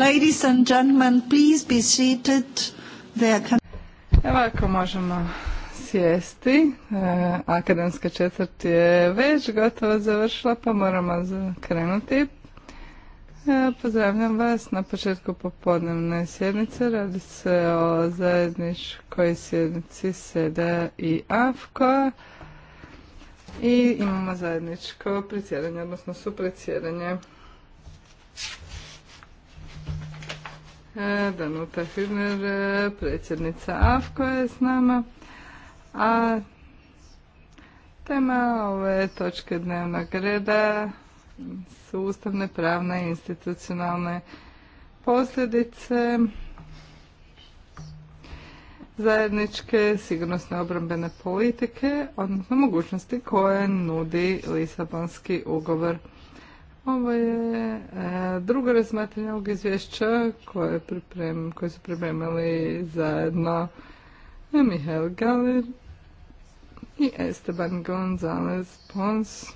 Ladies and gentlemen, please be seated. Evo ako možemo sjesti. E, akademska četvrt je već gotovo završila pa moramo krenuti. E, pozdravljam vas na početku popodnevne sjednice. Radi se o zajedničkoj sjednici SEDA i AFKO. I imamo zajedničko predsjedanje, odnosno supredsjedanje E, Danuta Hübner, e, predsjednica AFKO je s nama. A tema ove točke dnevnog reda su ustavne, pravne i institucionalne posljedice zajedničke sigurnosne obrambene politike, odnosno mogućnosti koje nudi Lisabonski ugovor. Ovo je e, drugo razmatranje ovog izvješća koje, su pripremili zajedno e, Mihael Galer i Esteban González Pons.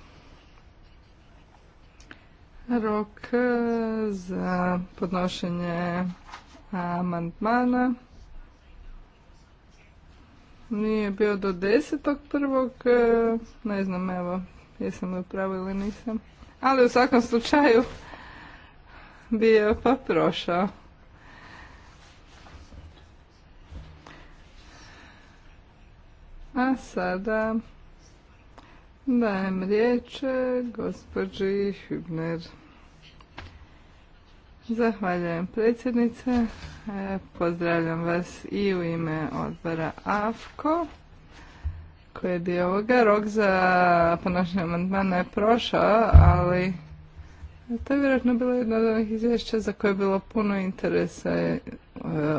Rok e, za podnošenje amandmana nije bio do desetog Ne znam, evo, jesam li pravu ili nisam ali u svakom slučaju bio pa prošao. A sada dajem riječ gospođi Hübner. Zahvaljujem predsjednice. E, pozdravljam vas i u ime odbora AFKO koji je dio ovoga. Rok za ponošnje amandmana je prošao, ali to je vjerojatno bilo jedno od onih izvješća za koje je bilo puno interesa e,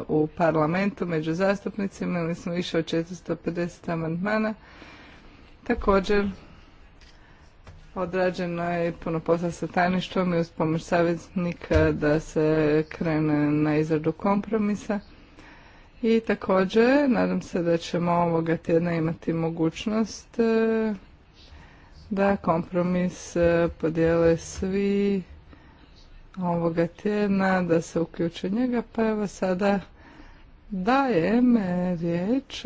u parlamentu među zastupnicima. Imali smo više od 450 amandmana. Također, odrađeno je puno posla sa tajništvom i uz pomoć savjetnika da se krene na izradu kompromisa. I također, nadam se da ćemo ovoga tjedna imati mogućnost e, da kompromis e, podijele svi ovoga tjedna, da se uključe njega, pa evo sada dajem e, riječ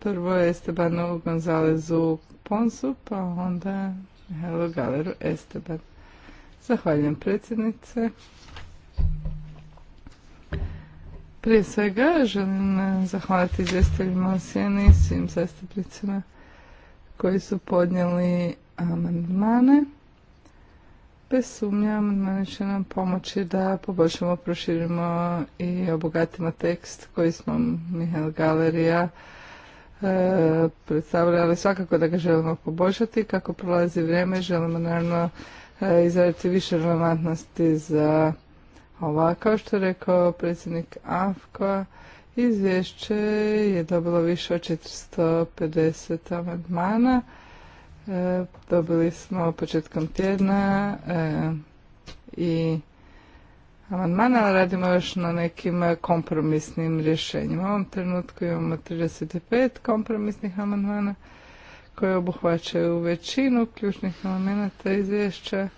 prvo Estebanu Gonzalezu Ponsu, pa onda Hello Galeru Esteban. Zahvaljujem predsjednice. Prije svega želim e, zahvaliti izvjestiteljima sjeni i svim zastupnicima koji su podnijeli amandmane. Bez sumnja, amandmane će nam pomoći da poboljšamo, proširimo i obogatimo tekst koji smo Mihael Galerija e, predstavljali. ali svakako da ga želimo poboljšati. Kako prolazi vrijeme, želimo naravno e, izraditi više relevantnosti za Ovako, kao što je rekao predsjednik AFKA, izvješće je dobilo više od 450 amandmana. E, dobili smo početkom tjedna e, i amandmana, ali radimo još na nekim kompromisnim rješenjima. U ovom trenutku imamo 35 kompromisnih amandmana koje obuhvaćaju većinu ključnih elemenata izvješća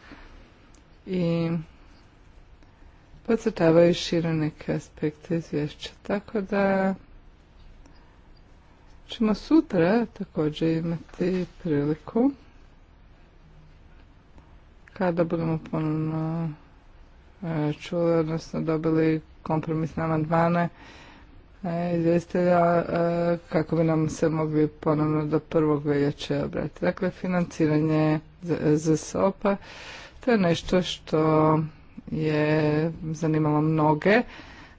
i podcrtavaju šire neke aspekte izvješća. Tako da ćemo sutra također imati priliku kada budemo ponovno e, čuli, odnosno dobili kompromisne amandmane e, izvjestitelja e, kako bi nam se mogli ponovno do prvog veljače obratiti. Dakle, financiranje za SOPA, to je nešto što je zanimalo mnoge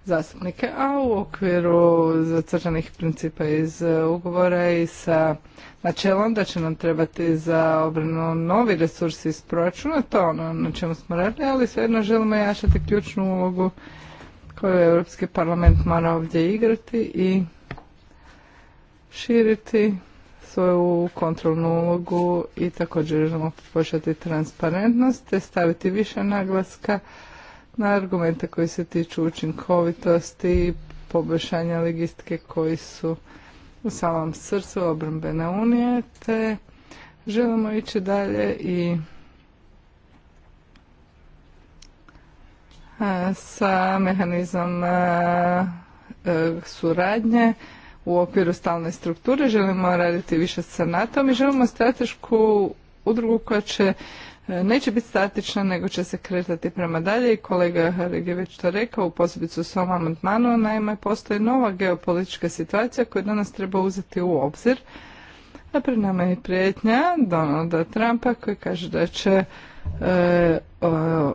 zastupnike, a u okviru zacrčanih principa iz ugovora i sa načelom da će nam trebati za obranu novi resursi iz proračuna, to ono na čemu smo radili, ali svejedno želimo jašati ključnu ulogu koju Europski parlament mora ovdje igrati i širiti svoju kontrolnu ulogu i također želimo poboljšati transparentnost te staviti više naglaska na argumente koji se tiču učinkovitosti i poboljšanja legistike koji su u samom srcu obrambene unije te želimo ići dalje i sa mehanizam e, suradnje u okviru stalne strukture, želimo raditi više sa NATO-om i želimo stratešku udrugu koja će e, neće biti statična, nego će se kretati prema dalje i kolega Harig je već to rekao u posebicu u svom amandmanu, naime postoji nova geopolitička situacija koju danas treba uzeti u obzir. A pred nama je prijetnja Donalda Trumpa koji kaže da će e,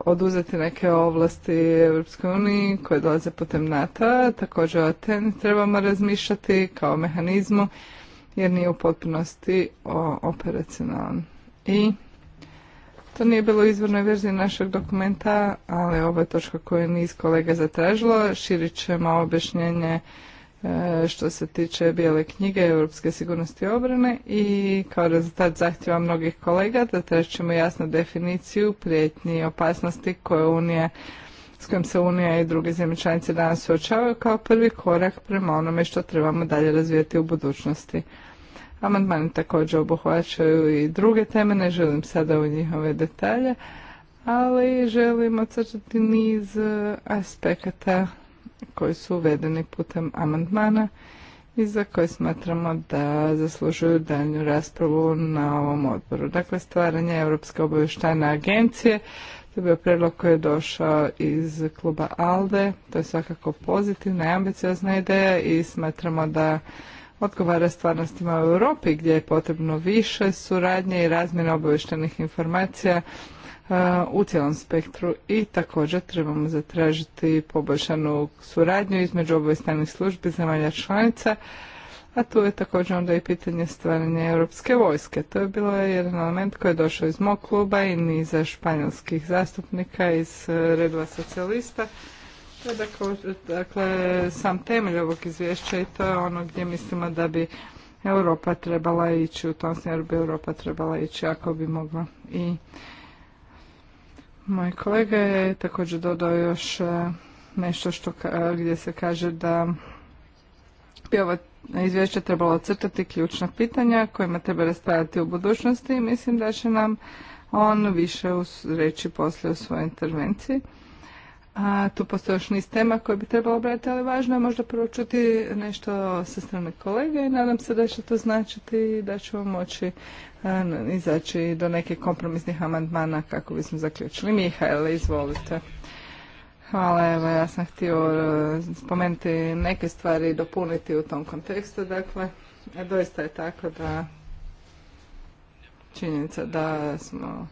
oduzeti neke ovlasti Europskoj uniji koje dolaze putem NATO-a, također o trebamo razmišljati kao mehanizmu jer nije u potpunosti operacionalan. I to nije bilo u izvornoj verziji našeg dokumenta, ali ovo je točka koju je niz kolega zatražilo. Širit ćemo objašnjenje E, što se tiče bijele knjige Europske sigurnosti i obrane i kao rezultat zahtjeva mnogih kolega da trećemo jasnu definiciju prijetnji i opasnosti koje Unija s kojim se Unija i druge zemlje članice danas suočavaju kao prvi korak prema onome što trebamo dalje razvijati u budućnosti. Amandmani također obuhvaćaju i druge teme, ne želim sada u njihove detalje, ali želim ocrtati niz aspekata koji su uvedeni putem amandmana i za koje smatramo da zaslužuju daljnju raspravu na ovom odboru. Dakle, stvaranje Europske obavještajne agencije, to je bio predlog koji je došao iz kluba ALDE, to je svakako pozitivna i ambiciozna ideja i smatramo da odgovara stvarnostima u Europi gdje je potrebno više suradnje i razmjene obavještajnih informacija E, u cijelom spektru i također trebamo zatražiti poboljšanu suradnju između obavještajnih službi zemalja članica, a tu je također onda i pitanje stvaranja europske vojske. To je bilo jedan element koji je došao iz mog kluba i niza španjolskih zastupnika iz e, redova socijalista. dakle sam temelj ovog izvješća i to je ono gdje mislimo da bi Europa trebala ići, u tom smjeru bi Europa trebala ići ako bi mogla i moj kolega je također dodao još e, nešto što, e, gdje se kaže da bi ovo izvješće trebalo ocrtati ključna pitanja kojima treba raspravljati u budućnosti i mislim da će nam on više reći poslije u svojoj intervenciji. A tu postoji još niz tema koje bi trebalo obratiti, ali važno je možda prvo čuti nešto sa strane kolega i nadam se da će to značiti i da ćemo moći e, izaći do nekih kompromisnih amandmana kako bismo zaključili. Mihajle, izvolite. Hvala, evo ja sam htio e, spomenuti neke stvari i dopuniti u tom kontekstu, dakle doista je tako da činjenica da smo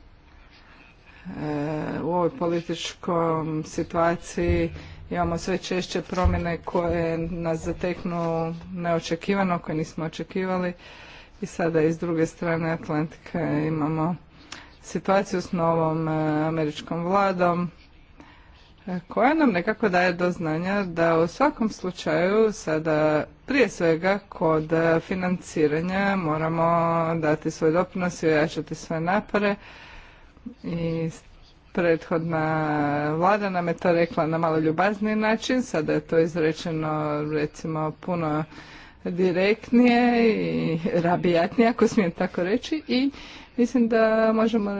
u ovoj političkom situaciji imamo sve češće promjene koje nas zateknu neočekivano, koje nismo očekivali i sada iz druge strane Atlantika imamo situaciju s novom e, američkom vladom e, koja nam nekako daje do znanja da u svakom slučaju sada prije svega kod financiranja moramo dati svoj doprinos i ojačati svoje napore i prethodna vlada nam je to rekla na malo ljubazniji način, sada je to izrečeno recimo puno direktnije i rabijatnije, ako smijem tako reći, i mislim da možemo,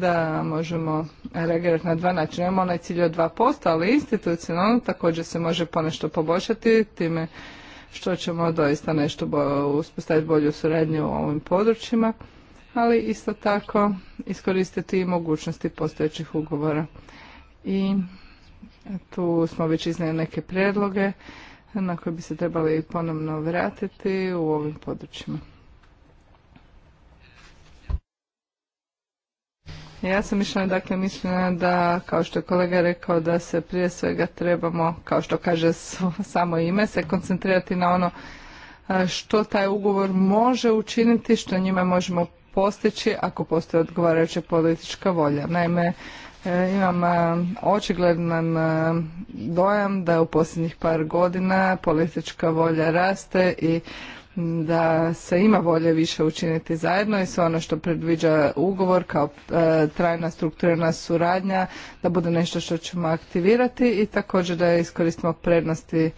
da možemo reagirati na dva načina. Imamo onaj cilj od 2%, ali institucionalno također se može ponešto poboljšati time što ćemo doista nešto bo, uspostaviti bolju suradnju u ovim područjima ali isto tako iskoristiti i mogućnosti postojećih ugovora. I tu smo već iznijeli neke predloge na koje bi se trebali ponovno vratiti u ovim područjima. Ja sam mišljena, dakle, mišljena da, kao što je kolega rekao, da se prije svega trebamo, kao što kaže samo ime, se koncentrirati na ono što taj ugovor može učiniti, što njima možemo postići ako postoje odgovarajuća politička volja. Naime, e, imam e, očigledan e, dojam da u posljednjih par godina politička volja raste i da se ima volje više učiniti zajedno i sve ono što predviđa ugovor kao trajna strukturirana suradnja da bude nešto što ćemo aktivirati i također da iskoristimo prednosti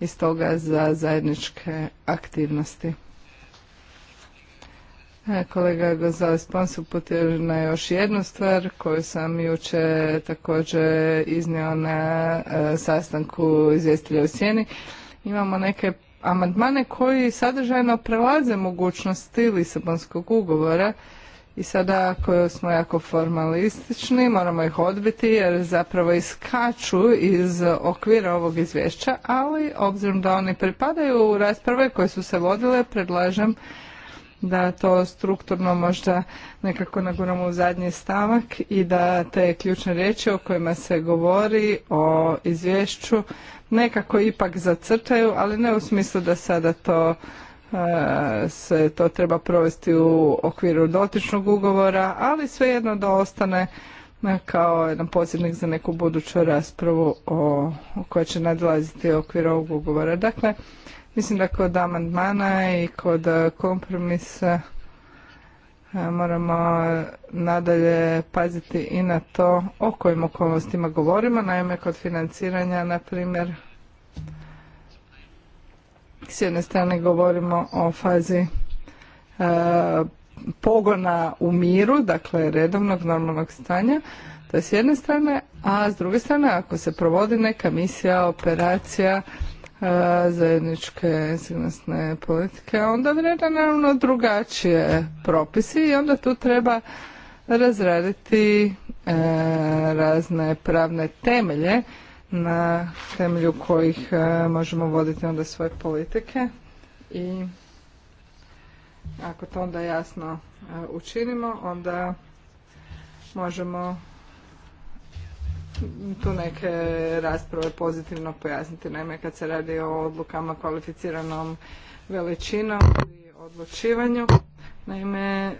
iz toga za zajedničke aktivnosti. E, kolega za Pons uputio na još jednu stvar koju sam juče također iznio na e, sastanku izvjestilja u sjeni. Imamo neke amandmane koji sadržajno prelaze mogućnosti Lisabonskog ugovora i sada ako smo jako formalistični moramo ih odbiti jer zapravo iskaču iz okvira ovog izvješća, ali obzirom da oni pripadaju u rasprave koje su se vodile predlažem da to strukturno možda nekako naguramo u zadnji stavak i da te ključne riječi o kojima se govori o izvješću nekako ipak zacrtaju, ali ne u smislu da sada to e, se to treba provesti u okviru dotičnog ugovora, ali svejedno da ostane kao jedan posjednik za neku buduću raspravu o, koja će u okvir ovog ugovora. Dakle, Mislim da kod amandmana i kod e, kompromisa e, moramo e, nadalje paziti i na to o kojim okolnostima govorimo. Naime, kod financiranja, na primjer, s jedne strane govorimo o fazi pogona u miru, dakle redovnog normalnog stanja, to je s jedne strane, a s druge strane ako se provodi neka misija, operacija, zajedničke sigurnosne politike, onda vreda naravno drugačije propisi i onda tu treba razraditi e, razne pravne temelje na temelju kojih e, možemo voditi onda svoje politike i ako to onda jasno e, učinimo onda možemo tu neke rasprave pozitivno pojasniti. Naime, kad se radi o odlukama kvalificiranom veličinom i odlučivanju, naime, e,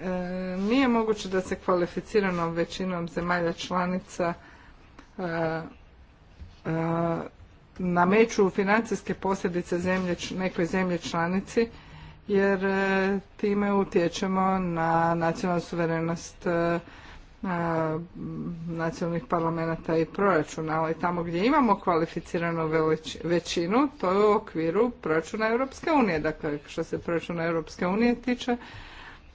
nije moguće da se kvalificiranom većinom zemalja članica e, e, nameću financijske posljedice nekoj zemlje članici, jer time utječemo na nacionalnu suverenost nacionalnih parlamenta i proračuna, ali tamo gdje imamo kvalificiranu većinu, to je u okviru proračuna Europske unije. Dakle, što se proračuna Europske unije tiče,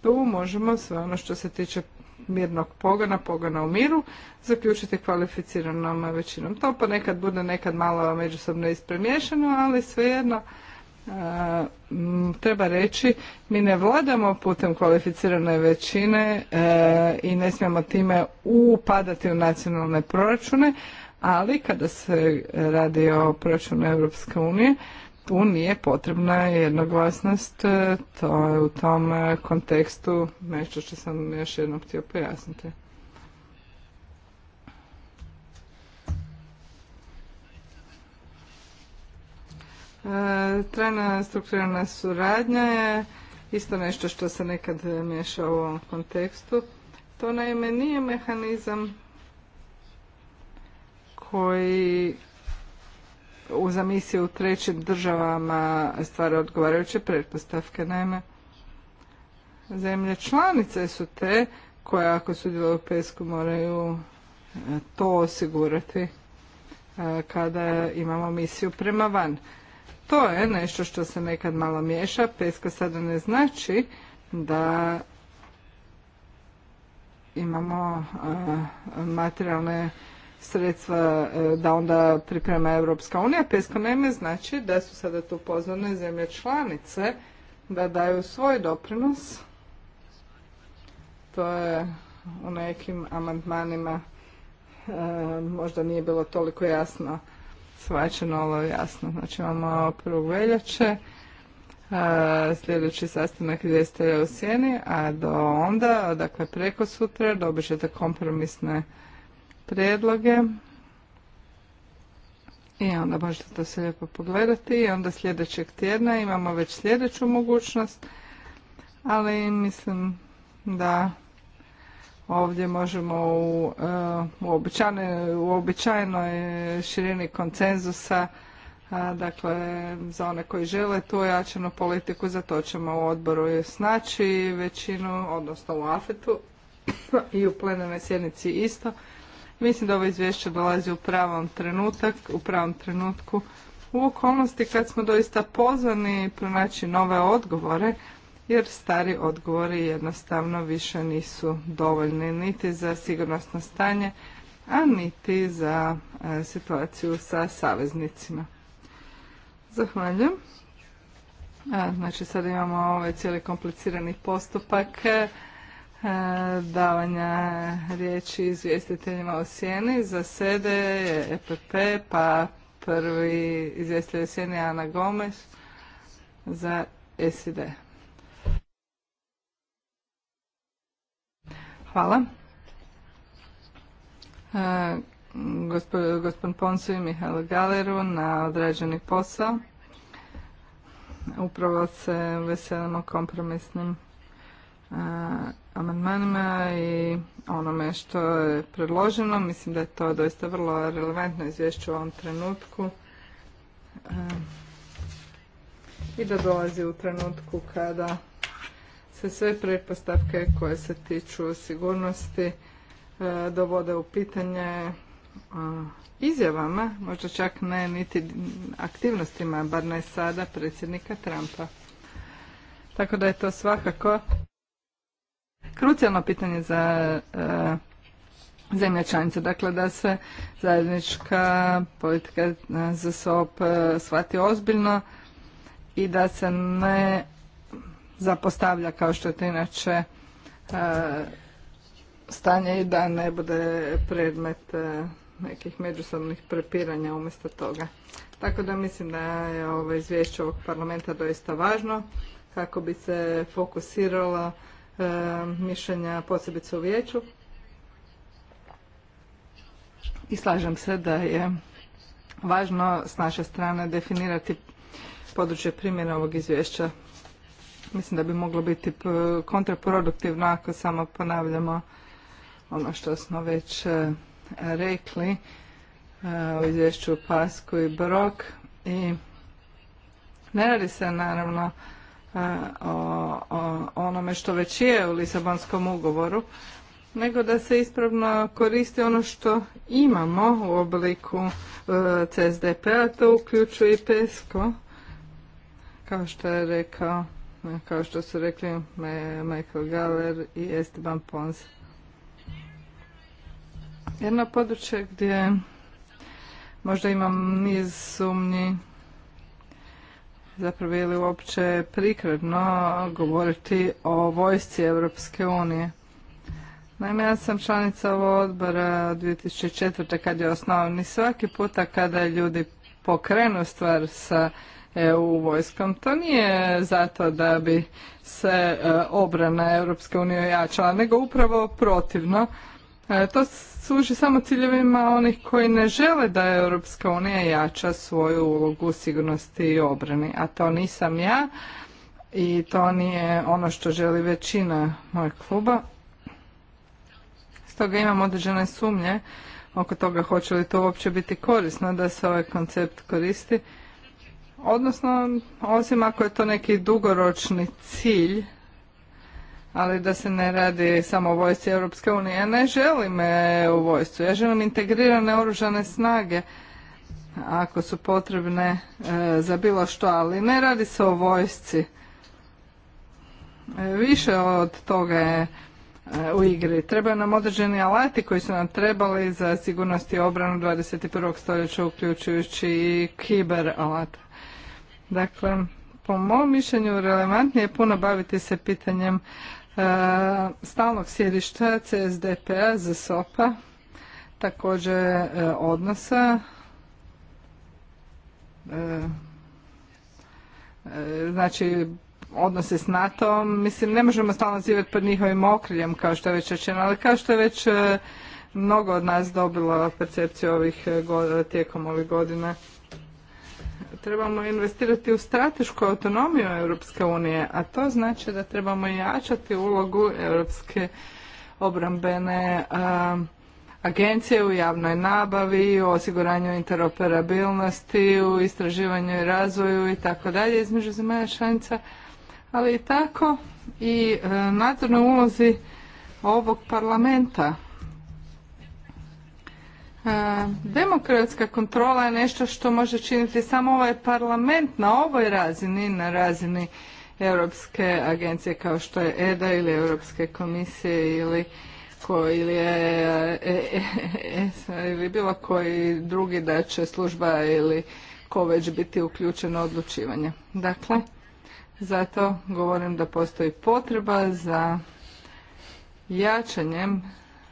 tu možemo sve ono što se tiče mirnog pogona, pogona u miru, zaključiti kvalificiranom većinom. To pa nekad bude nekad malo međusobno ispremješano, ali svejedno Mm, treba reći, mi ne vladamo putem kvalificirane većine e, i ne smijemo time upadati u nacionalne proračune, ali kada se radi o proračunu Europske unije, tu nije potrebna jednoglasnost, e, to je u tom e, kontekstu nešto što sam još jednom htio pojasniti. Trajna strukturalna suradnja je isto nešto što se nekad miješa u ovom kontekstu. To naime nije mehanizam koji u zamisiju u trećim državama stvara odgovarajuće pretpostavke. Naime, zemlje članice su te koje ako sudjeluju u pesku moraju e, to osigurati e, kada imamo misiju prema van. To je nešto što se nekad malo miješa. Peska sada ne znači da imamo materijalne sredstva e, da onda priprema Europska unija. Peska naime znači da su sada tu pozvane zemlje članice da daju svoj doprinos. To je u nekim amandmanima e, možda nije bilo toliko jasno shvaćeno ovo jasno. Znači imamo prvog veljače, sljedeći sastanak je u sjeni, a do onda, dakle preko sutra, dobit ćete kompromisne prijedloge i onda možete to sve lijepo pogledati i onda sljedećeg tjedna imamo već sljedeću mogućnost, ali mislim da Ovdje možemo e, u uobičajenoj širini konsenzusa, dakle za one koji žele tu ojačanu politiku, za to ćemo u odboru snaći većinu, odnosno u afetu i u plenarnoj sjednici isto. Mislim da ovo izvješće dolazi u pravom trenutak, u pravom trenutku u okolnosti kad smo doista pozvani pronaći nove odgovore jer stari odgovori jednostavno više nisu dovoljni niti za sigurnosno stanje, a niti za e, situaciju sa saveznicima. Zahvaljujem. E, znači sad imamo ovaj cijeli komplicirani postupak e, davanja riječi izvjestiteljima o sjeni. Za sede EPP, pa prvi izvjestitelj sjeni Ana Gomes za SID. Hvala. E, gospodin Poncu i Mihajlo Galeru na određeni posao. Upravo se veselimo kompromisnim e, amandmanima i onome što je predloženo. Mislim da je to doista vrlo relevantno izvješće u ovom trenutku. E, i da dolazi u trenutku kada se sve pretpostavke koje se tiču sigurnosti e, dovode u pitanje e, izjavama, možda čak ne niti aktivnostima, bar ne sada, predsjednika Trumpa. Tako da je to svakako krucijalno pitanje za e, zemlje članice. Dakle, da se zajednička politika e, za SOP shvati ozbiljno i da se ne zapostavlja kao što je to inače e, stanje i da ne bude predmet e, nekih međusobnih prepiranja umjesto toga. Tako da mislim da je ovo izvješće ovog parlamenta doista važno kako bi se fokusiralo e, mišljenja posebice u vijeću. I slažem se da je važno s naše strane definirati područje primjene ovog izvješća mislim da bi moglo biti kontraproduktivno ako samo ponavljamo ono što smo već e, rekli e, u izvješću Pasku i Brok i ne radi se naravno e, o, o onome što već je u Lisabonskom ugovoru, nego da se ispravno koristi ono što imamo u obliku CSDP-a, to uključuje i PESCO, kao što je rekao kao što su rekli Michael Galler i Esteban Pons. Jedno područje gdje možda imam niz sumnji zapravo je uopće prikredno govoriti o vojsci Europske unije. Naime, ja sam članica ovog odbora 2004. kad je osnovan i svaki puta kada ljudi pokrenu stvar sa EU vojskom. To nije zato da bi se e, obrana EU jačala, ojačala, nego upravo protivno. E, to služi samo ciljevima onih koji ne žele da EU jača svoju ulogu sigurnosti i obrani, a to nisam ja i to nije ono što želi većina mojeg kluba. Stoga imam određene sumnje oko toga hoće li to uopće biti korisno da se ovaj koncept koristi Odnosno, osim ako je to neki dugoročni cilj, ali da se ne radi samo o vojsci Europske unije. Ja ne želim e, u vojscu, ja želim integrirane oružane snage ako su potrebne e, za bilo što, ali ne radi se o vojsci. E, više od toga je u igri. Trebaju nam određeni alati koji su nam trebali za sigurnost i obranu 21. stoljeća uključujući i kiber alate. Dakle, po mom mišljenju relevantnije je puno baviti se pitanjem e, stalnog sjedišta CSDP-a, ZSOP-a, također e, odnosa e, znači odnose s NATO-om. Mislim, ne možemo stalno zivjeti pod njihovim okriljem, kao što je već rečeno, ali kao što je već mnogo od nas dobilo percepciju ovih, tijekom ovih godina trebamo investirati u stratešku autonomiju Europske unije, a to znači da trebamo jačati ulogu Europske obrambene agencije u javnoj nabavi, u osiguranju interoperabilnosti, u istraživanju i razvoju i tako dalje između zemalja članica, ali i tako i e, nadzornoj ulozi ovog parlamenta Demokratska kontrola je nešto što može činiti samo ovaj parlament na ovoj razini, na razini Europske agencije kao što je EDA ili Europske komisije ili koji je e, e, e, ili bilo koji drugi da će služba ili ko već biti uključeno odlučivanje. Dakle, zato govorim da postoji potreba za jačanjem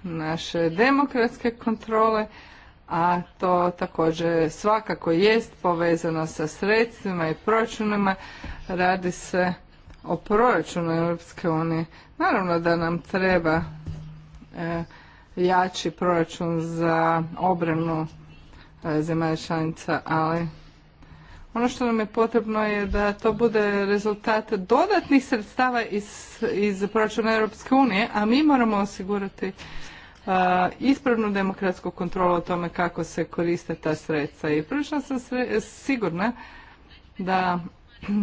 naše demokratske kontrole, a to također svakako jest povezano sa sredstvima i proračunima. Radi se o proračunu Europske unije. Naravno da nam treba e, jači proračun za obranu e, zemalja članica, ali ono što nam je potrebno je da to bude rezultat dodatnih sredstava iz, iz proračuna Europske unije, a mi moramo osigurati ispravnu demokratsku kontrolu o tome kako se koriste ta sredstva. I prvično sam sigurna da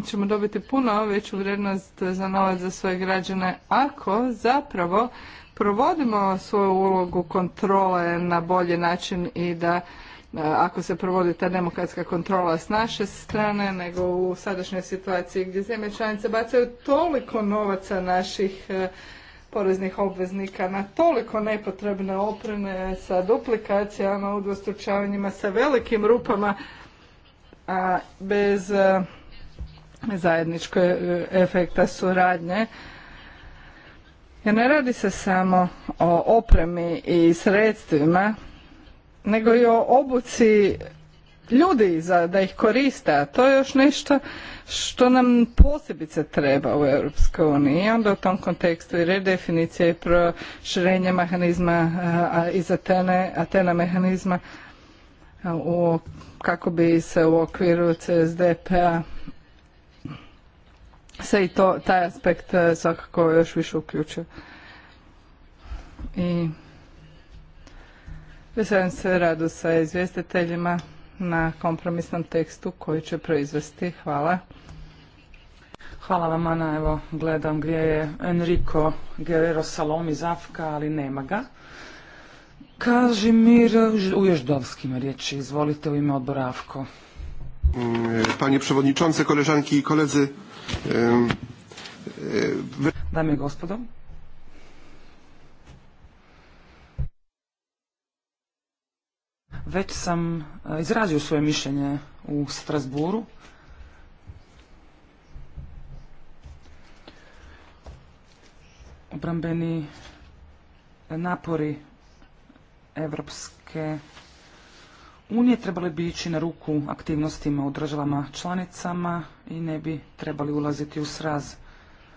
ćemo dobiti puno veću vrijednost za novac za svoje građane ako zapravo provodimo svoju ulogu kontrole na bolji način i da ako se provodi ta demokratska kontrola s naše strane, nego u sadašnjoj situaciji gdje zemlje članice bacaju toliko novaca naših poreznih obveznika na toliko nepotrebne opreme sa duplikacijama, udvostručavanjima, sa velikim rupama, a bez e, zajedničkog e, efekta suradnje. Jer ne radi se samo o opremi i sredstvima, nego i o obuci ljudi za, da ih koriste, a to je još nešto što nam posebice treba u Europskoj uniji. I onda u tom kontekstu i redefinicija i proširenje mehanizma a, iz Atene, Atena mehanizma a, kako bi se u okviru csdp p-a se i to, taj aspekt e, svakako još više uključio. I veselim se radu sa izvjestiteljima na kompromisnom tekstu koji će proizvesti. Hvala. Hvala vam, Ana. Evo, gledam gdje je Enrico Guerrero Salom iz Afka, ali nema ga. Mir u ježdovskim riječi. Izvolite u ime odbora Afko. Mm, panie przewodniczący, koleżanki i koledzy. E, Dame i gospodo. Već sam e, izrazio svoje mišljenje u Strasburu. Obrambeni napori Evropske unije trebali bi ići na ruku aktivnostima u državama članicama i ne bi trebali ulaziti u sraz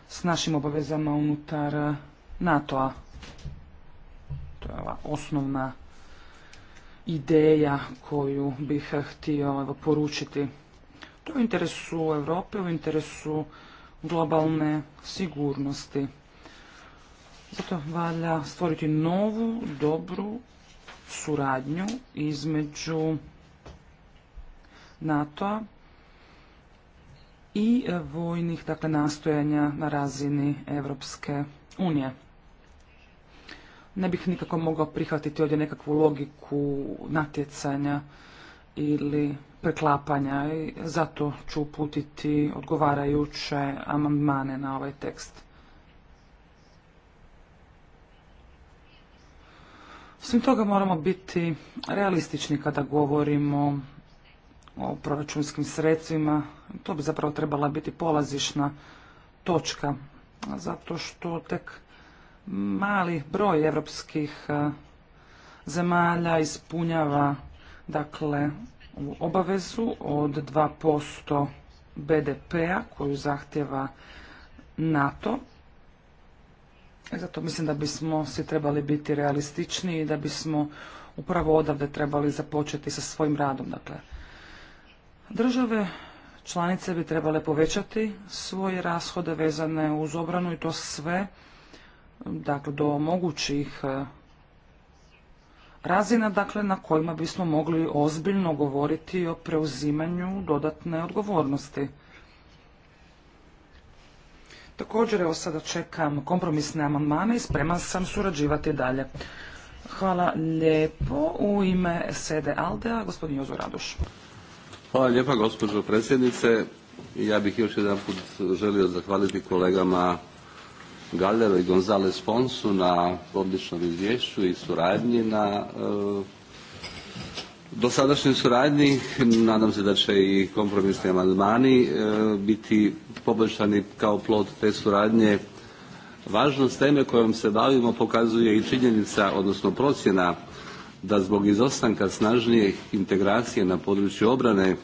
s našim obavezama unutar NATO-a. To je ova osnovna ideja koju bih htio poručiti. To je u interesu Europe, u interesu globalne sigurnosti. Zato valja stvoriti novu, dobru suradnju između NATO-a i vojnih dakle, nastojanja na razini Evropske unije ne bih nikako mogao prihvatiti ovdje nekakvu logiku natjecanja ili preklapanja i zato ću uputiti odgovarajuće amandmane na ovaj tekst. Osim toga moramo biti realistični kada govorimo o proračunskim sredstvima. To bi zapravo trebala biti polazišna točka, zato što tek mali broj evropskih e, zemalja ispunjava dakle obavezu od 2% BDP-a koju zahtjeva NATO. E, zato mislim da bismo svi trebali biti realistični i da bismo upravo odavde trebali započeti sa svojim radom. Dakle, države članice bi trebale povećati svoje rashode vezane uz obranu i to sve dakle, do mogućih e, razina dakle, na kojima bismo mogli ozbiljno govoriti o preuzimanju dodatne odgovornosti. Također, evo sada čekam kompromisne amandmane i spreman sam surađivati dalje. Hvala lijepo. U ime Sede Aldea, gospodin Jozo Radoš. Hvala lijepa, gospođo predsjednice. Ja bih još jedan put želio zahvaliti kolegama Galero i Gonzales Ponsu na odličnom izvješću i suradnji na e, dosadašnjoj suradnji. Nadam se da će i kompromisni amandmani e, biti poboljšani kao plod te suradnje. Važnost teme kojom se bavimo pokazuje i činjenica, odnosno procjena da zbog izostanka snažnije integracije na području obrane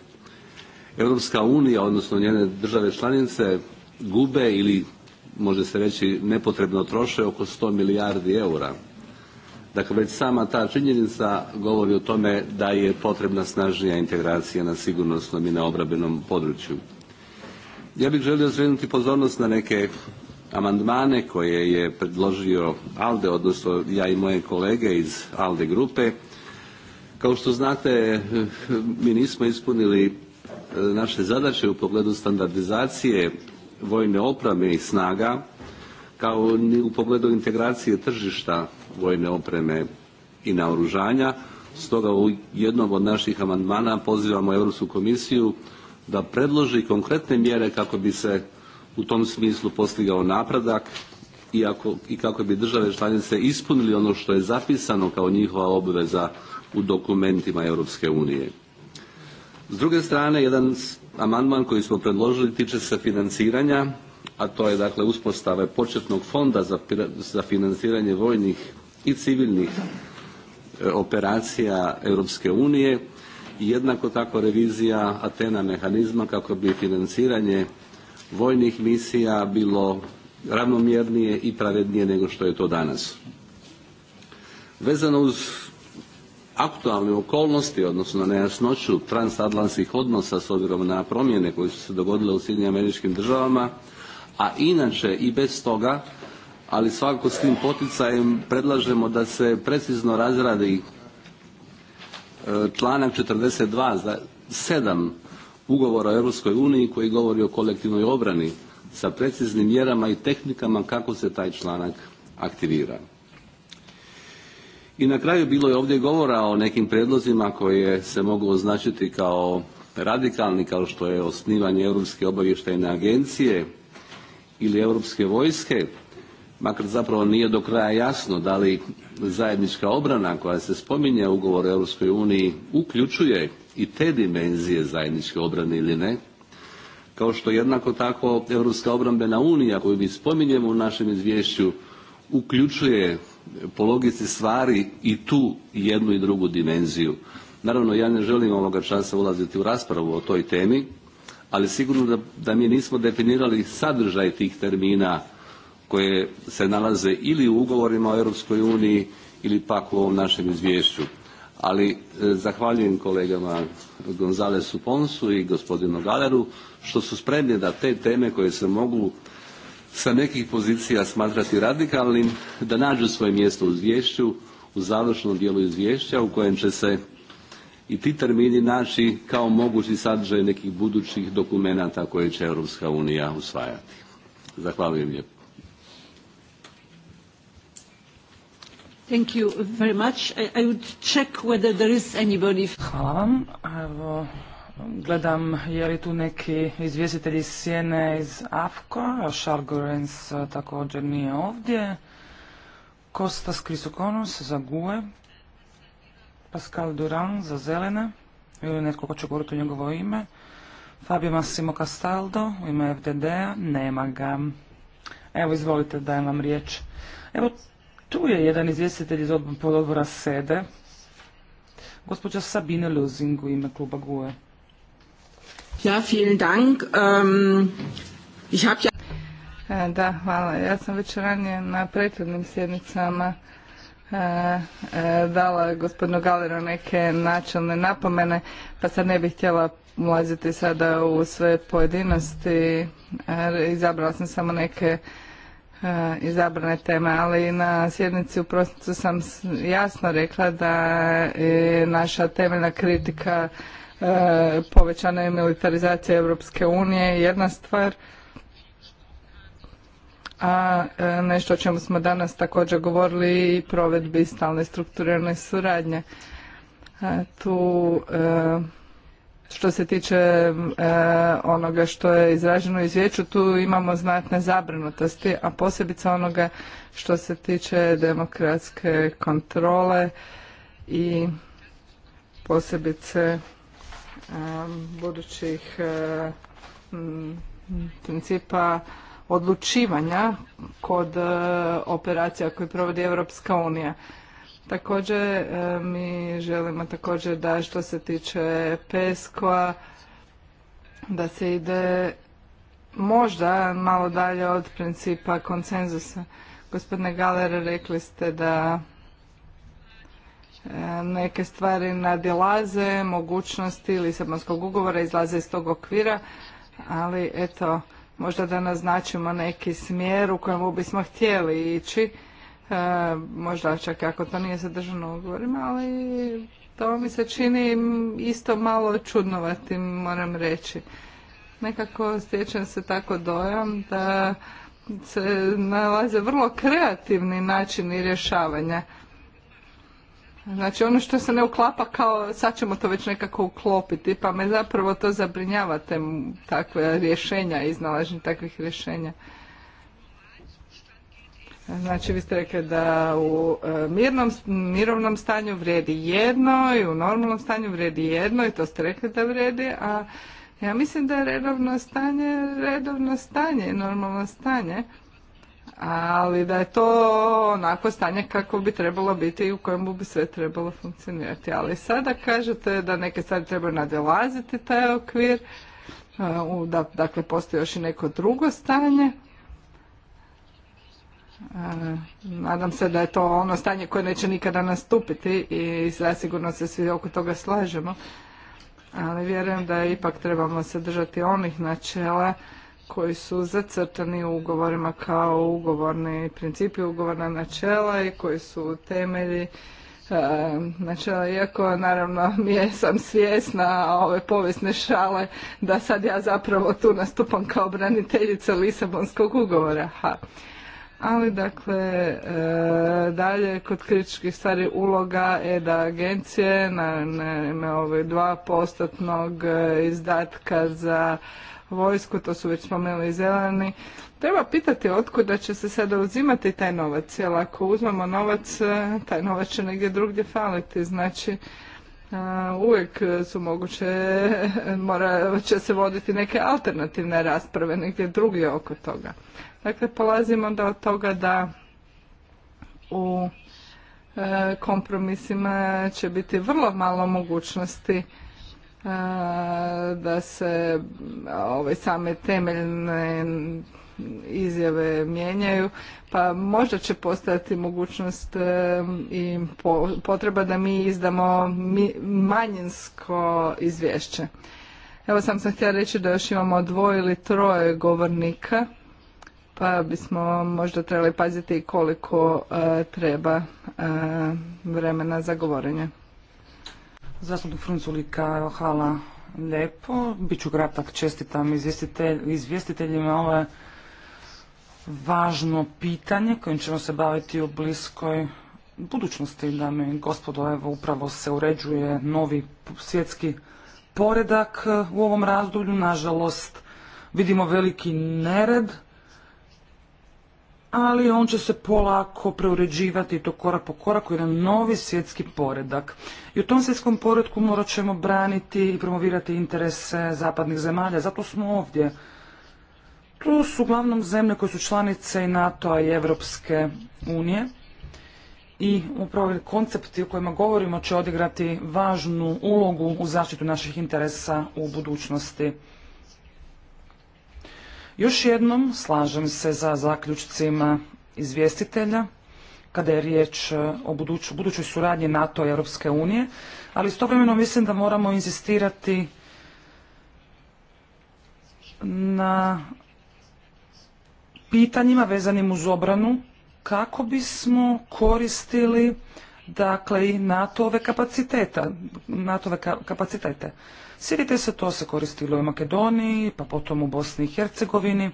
Europska unija, odnosno njene države članice gube ili može se reći nepotrebno troše oko 100 milijardi eura. Dakle, već sama ta činjenica govori o tome da je potrebna snažnija integracija na sigurnosnom i na obrambenom području. Ja bih želio skrenuti pozornost na neke amandmane koje je predložio ALDE, odnosno ja i moje kolege iz ALDE grupe. Kao što znate, mi nismo ispunili naše zadaće u pogledu standardizacije vojne opreme i snaga kao ni u pogledu integracije tržišta vojne opreme i naoružanja. Stoga u jednom od naših amandmana pozivamo Europsku komisiju da predloži konkretne mjere kako bi se u tom smislu postigao napredak i, kako bi države članice ispunili ono što je zapisano kao njihova obveza u dokumentima Europske unije. S druge strane, jedan amandman koji smo predložili tiče se financiranja, a to je dakle uspostave početnog fonda za, za financiranje vojnih i civilnih e, operacija Europske unije i jednako tako revizija Atena mehanizma kako bi financiranje vojnih misija bilo ravnomjernije i pravednije nego što je to danas. Vezano uz aktualne okolnosti, odnosno nejasnoću transatlantskih odnosa s obzirom na promjene koje su se dogodile u Sjedinjenim američkim državama, a inače i bez toga, ali svakako s tim poticajem predlažemo da se precizno razradi e, članak sedam ugovora o Europskoj uniji koji govori o kolektivnoj obrani sa preciznim mjerama i tehnikama kako se taj članak aktivira. I na kraju bilo je ovdje govora o nekim prijedlozima koje se mogu označiti kao radikalni, kao što je osnivanje Europske obavještajne agencije ili Europske vojske, makar zapravo nije do kraja jasno da li zajednička obrana koja se spominje u ugovoru o Europskoj uniji uključuje i te dimenzije zajedničke obrane ili ne, kao što jednako tako Europska obrambena unija koju mi spominjemo u našem izvješću uključuje po logici stvari i tu jednu i drugu dimenziju. Naravno, ja ne želim ovoga časa ulaziti u raspravu o toj temi, ali sigurno da, da mi nismo definirali sadržaj tih termina koje se nalaze ili u ugovorima o Europskoj uniji ili pak u ovom našem izvješću. Ali e, zahvaljujem kolegama Gonzalesu Ponsu i gospodinu Galeru što su spremni da te teme koje se mogu sa nekih pozicija smatrati radikalnim da nađu svoje mjesto u izvješću u završnom dijelu izvješća u kojem će se i ti termini naći kao mogući sadržaj nekih budućih dokumenata koje će Europska unija usvajati. Zahvaljujem je. Thank you very much. I, would check whether there is anybody. Gledam je li tu neki izvjestitelj iz Sjene iz Afko, Gorens e, također nije ovdje, Kostas Krisokonos za GUE, Pascal Duran za Zelene, ili netko ko će govoriti u njegovo ime, Fabio Massimo Castaldo u ime FDD-a, nema ga. Evo izvolite dajem vam riječ. Evo tu je jedan izvjestitelj iz odbora sede, gospođa Sabine Luzing u ime kluba GUE. Ja, vielen ähm, e, Da, hvala. Ja sam već ranije na prethodnim sjednicama e, e, dala gospodinu Galeru neke načelne napomene, pa sad ne bih htjela ulaziti sada u sve pojedinosti. izabrala sam samo neke izabrane teme, ali na sjednici u prosincu sam jasno rekla da je naša temeljna kritika povećana je militarizacija Europske unije jedna stvar, a e, nešto o čemu smo danas također govorili i provedbi stalne strukturirane suradnje. E, tu e, što se tiče onoga što je izraženo u izvješću, tu imamo znatne zabrinutosti, a posebice onoga što se tiče demokratske kontrole i posebice budućih principa odlučivanja kod e, operacija koje provodi Europska unija. Također e, mi želimo također da što se tiče PESCO-a da se ide možda malo dalje od principa konsenzusa. Gospodine Galere, rekli ste da neke stvari nadilaze mogućnosti Lisabonskog ugovora, izlaze iz tog okvira, ali eto, možda da naznačimo neki smjer u kojemu bismo htjeli ići, e, možda čak ako to nije sadržano u ugovorima, ali to mi se čini isto malo čudnovatim, moram reći. Nekako stječem se tako dojam da se nalaze vrlo kreativni načini rješavanja Znači ono što se ne uklapa kao sad ćemo to već nekako uklopiti, pa me zapravo to zabrinjava te takve rješenja, iznalaženje takvih rješenja. Znači vi ste rekli da u e, mirnom, mirovnom stanju vrijedi jedno i u normalnom stanju vrijedi jedno i to ste rekli da vrijedi, a ja mislim da je redovno stanje redovno stanje, normalno stanje ali da je to onako stanje kako bi trebalo biti i u kojem bi sve trebalo funkcionirati. Ali sada kažete da neke stvari trebaju nadjelaziti taj okvir, uh, da, dakle postoji još i neko drugo stanje. Uh, nadam se da je to ono stanje koje neće nikada nastupiti i zasigurno se svi oko toga slažemo. Ali vjerujem da ipak trebamo se držati onih načela koji su zacrtani u ugovorima kao ugovorni principi, ugovorna načela i koji su temelji e, načela, iako naravno mi sam svjesna ove povijesne šale da sad ja zapravo tu nastupam kao braniteljica Lisabonskog ugovora. Ha. Ali dakle, e, dalje kod kritičkih stvari uloga je da agencije na ime ove dva postatnog e, izdatka za vojsku, to su već spomenuli zeleni. Treba pitati otkuda će se sada uzimati taj novac, jer ako uzmemo novac, e, taj novac će negdje drugdje faliti. Znači, e, uvijek su moguće, mora, će se voditi neke alternativne rasprave negdje drugdje oko toga. Dakle, polazimo da od toga da u e, kompromisima će biti vrlo malo mogućnosti da se ove same temeljne izjave mijenjaju, pa možda će postojati mogućnost e, i potreba da mi izdamo manjinsko izvješće. Evo sam sam htjela reći da još imamo dvoje ili troje govornika, pa bismo možda trebali paziti koliko e, treba e, vremena za govorenje. Zastupnik evo hvala lijepo. Biću kratak, čestitam izvjestiteljima ove važno pitanje kojim ćemo se baviti u bliskoj budućnosti. Dame i gospodo, evo upravo se uređuje novi svjetski poredak u ovom razdoblju. Nažalost, vidimo veliki nered ali on će se polako preuređivati to korak po koraku jedan novi svjetski poredak. I u tom svjetskom poredku morat ćemo braniti i promovirati interese zapadnih zemalja, zato smo ovdje. Tu su uglavnom zemlje koje su članice i NATO-a i Evropske unije i upravo koncepti o kojima govorimo će odigrati važnu ulogu u zaštitu naših interesa u budućnosti. Još jednom slažem se za zaključcima izvjestitelja kada je riječ e, o budućoj suradnji NATO i Europske unije, ali istovremeno mislim da moramo inzistirati na pitanjima vezanim uz obranu kako bismo koristili dakle i NATO-ove NATO-ove kapacitete. Sjetite se, to se koristilo u Makedoniji, pa potom u Bosni i Hercegovini.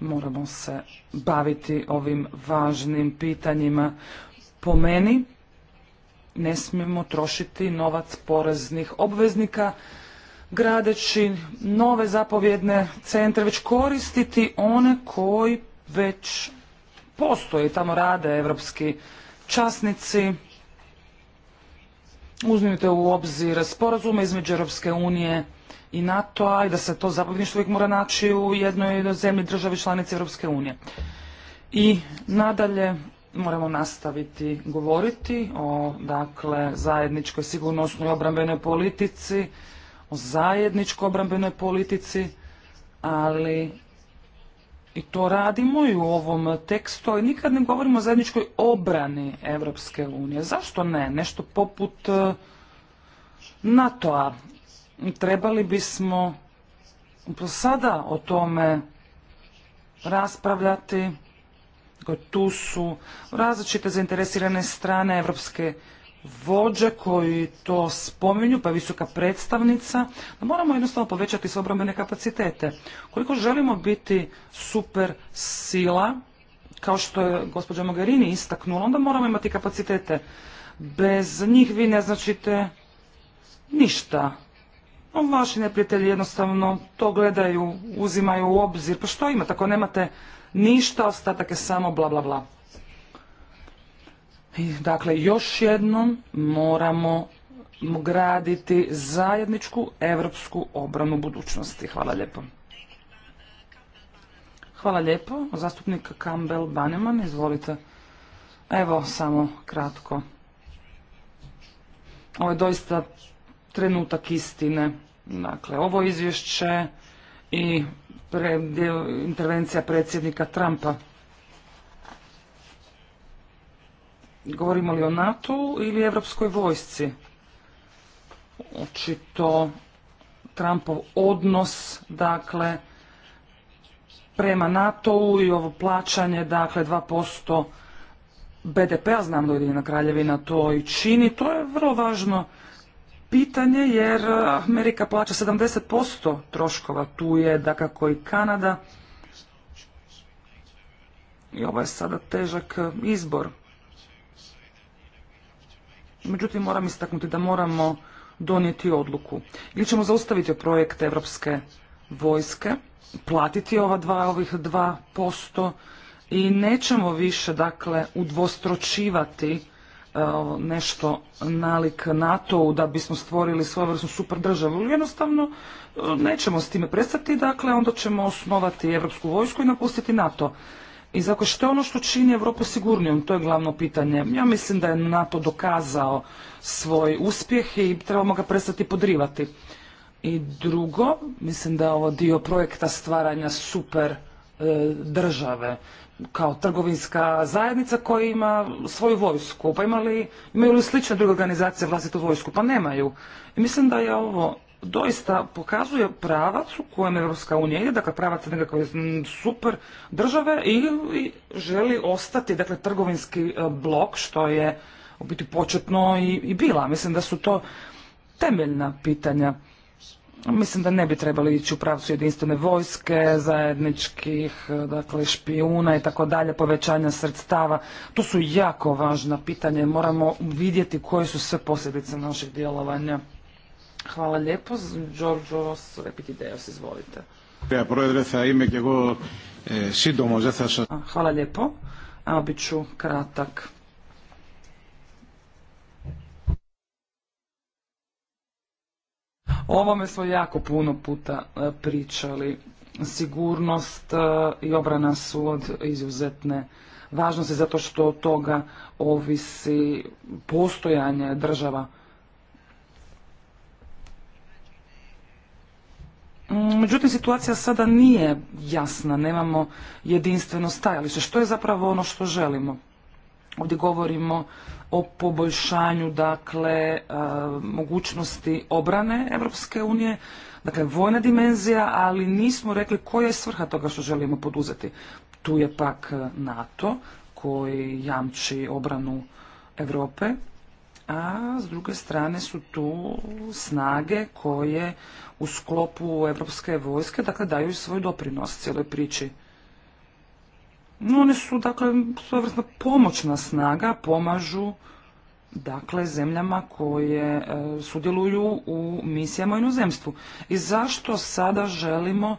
Moramo se baviti ovim važnim pitanjima. Po meni ne smijemo trošiti novac poreznih obveznika gradeći nove zapovjedne centre, već koristiti one koji već postoje. Tamo rade evropski časnici, uzmite u obzir sporazume između Europske unije i NATO-a i da se to zapovjedništvo uvijek mora naći u jednoj zemlji državi članici Europske unije. I nadalje moramo nastaviti govoriti o dakle zajedničkoj sigurnosnoj obrambenoj politici, o zajedničkoj obrambenoj politici, ali i to radimo i u ovom tekstu, i nikad ne govorimo o zajedničkoj obrani Evropske unije. Zašto ne? Nešto poput e, NATO-a. Trebali bismo sada o tome raspravljati. Dakle, tu su različite zainteresirane strane Evropske vođe koji to spominju, pa visoka predstavnica, da moramo jednostavno povećati svoje obrambene kapacitete. Koliko želimo biti super sila, kao što je gospođa Mogherini istaknula, onda moramo imati kapacitete. Bez njih vi ne značite ništa. vaši neprijatelji jednostavno to gledaju, uzimaju u obzir. Pa što imate ako nemate ništa, ostatak je samo bla bla bla. Dakle, još jednom moramo graditi zajedničku evropsku obranu budućnosti. Hvala lijepo. Hvala lijepo. Zastupnik Campbell Baneman, izvolite. Evo, samo kratko. Ovo je doista trenutak istine. Dakle, ovo izvješće i intervencija predsjednika Trumpa. Govorimo li o NATO ili Evropskoj vojsci? Očito Trumpov odnos, dakle, prema NATO-u i ovo plaćanje, dakle, 2% BDP-a, znam da na kraljevina to i čini, to je vrlo važno pitanje jer Amerika plaća 70% troškova, tu je dakako i Kanada i ovo je sada težak izbor međutim moram istaknuti da moramo donijeti odluku. Ili ćemo zaustaviti projekt Evropske vojske, platiti ova dva, ovih posto i nećemo više dakle udvostručivati e, nešto nalik NATO-u da bismo stvorili svojevrsnu super državu. Jednostavno e, nećemo s time prestati, dakle onda ćemo osnovati Europsku vojsku i napustiti NATO i zato što je ono što čini Europu sigurnijom, to je glavno pitanje. Ja mislim da je NATO dokazao svoj uspjeh i trebamo ga prestati podrivati. I drugo, mislim da je ovo dio projekta stvaranja super e, države kao trgovinska zajednica koja ima svoju vojsku. Pa imali, imaju li slične druge organizacije vlastitu vojsku? Pa nemaju. I mislim da je ovo doista pokazuje pravac u kojem Evropska unija ide, dakle pravac nekakve super države i, želi ostati dakle trgovinski e, blok što je u biti početno i, i bila. Mislim da su to temeljna pitanja. Mislim da ne bi trebali ići u pravcu jedinstvene vojske, zajedničkih, e, dakle, špijuna i tako dalje, povećanja sredstava. To su jako važna pitanja moramo vidjeti koje su sve posljedice naših djelovanja. Hvala lijepo. Đorđos Repitideos, izvolite. E, hvala lijepo. Evo bit ću kratak. O ovome smo jako puno puta e, pričali. Sigurnost e, i obrana su od izuzetne važnosti zato što od toga ovisi postojanje država Mm, međutim, situacija sada nije jasna, nemamo jedinstveno stajalište. Što je zapravo ono što želimo? Ovdje govorimo o poboljšanju, dakle, e, mogućnosti obrane Europske unije, dakle, vojna dimenzija, ali nismo rekli koja je svrha toga što želimo poduzeti. Tu je pak e, NATO koji jamči obranu Europe, a s druge strane su tu snage koje u sklopu Evropske vojske dakle, daju svoj doprinos cijeloj priči. No, one su dakle svojevrsna pomoćna snaga, pomažu dakle zemljama koje e, sudjeluju u misijama u inozemstvu. I zašto sada želimo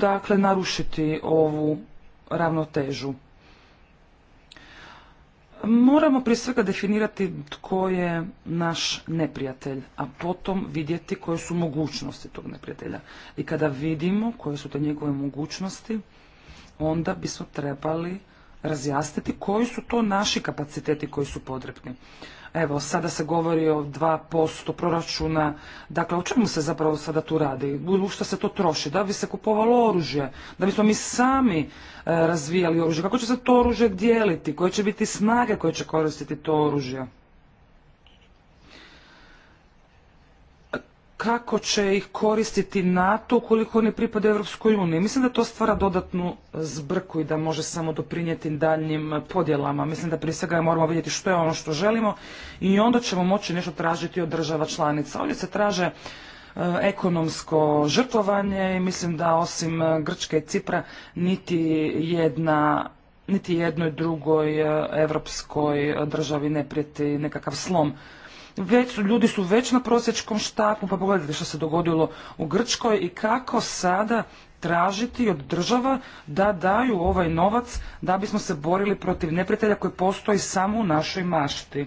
dakle narušiti ovu ravnotežu? Moramo prije svega definirati tko je naš neprijatelj, a potom vidjeti koje su mogućnosti tog neprijatelja. I kada vidimo koje su to njegove mogućnosti, onda bismo trebali razjasniti koji su to naši kapaciteti koji su potrebni. Evo, sada se govori o 2% proračuna. Dakle, o čemu se zapravo sada tu radi? U što se to troši? Da bi se kupovalo oružje? Da bismo mi sami e, razvijali oružje? Kako će se to oružje dijeliti? Koje će biti snage koje će koristiti to oružje? kako će ih koristiti NATO ukoliko oni pripadaju Europskoj uniji. Mislim da to stvara dodatnu zbrku i da može samo doprinijeti daljnjim podjelama. Mislim da prije svega moramo vidjeti što je ono što želimo i onda ćemo moći nešto tražiti od država članica. Ovdje se traže e, ekonomsko žrtvovanje i mislim da osim e, Grčke i Cipra niti jedna niti jednoj drugoj europskoj državi ne prijeti nekakav slom već, ljudi su već na prosječkom štapu, pa pogledajte što se dogodilo u Grčkoj i kako sada tražiti od država da daju ovaj novac da bismo se borili protiv neprijatelja koji postoji samo u našoj mašti.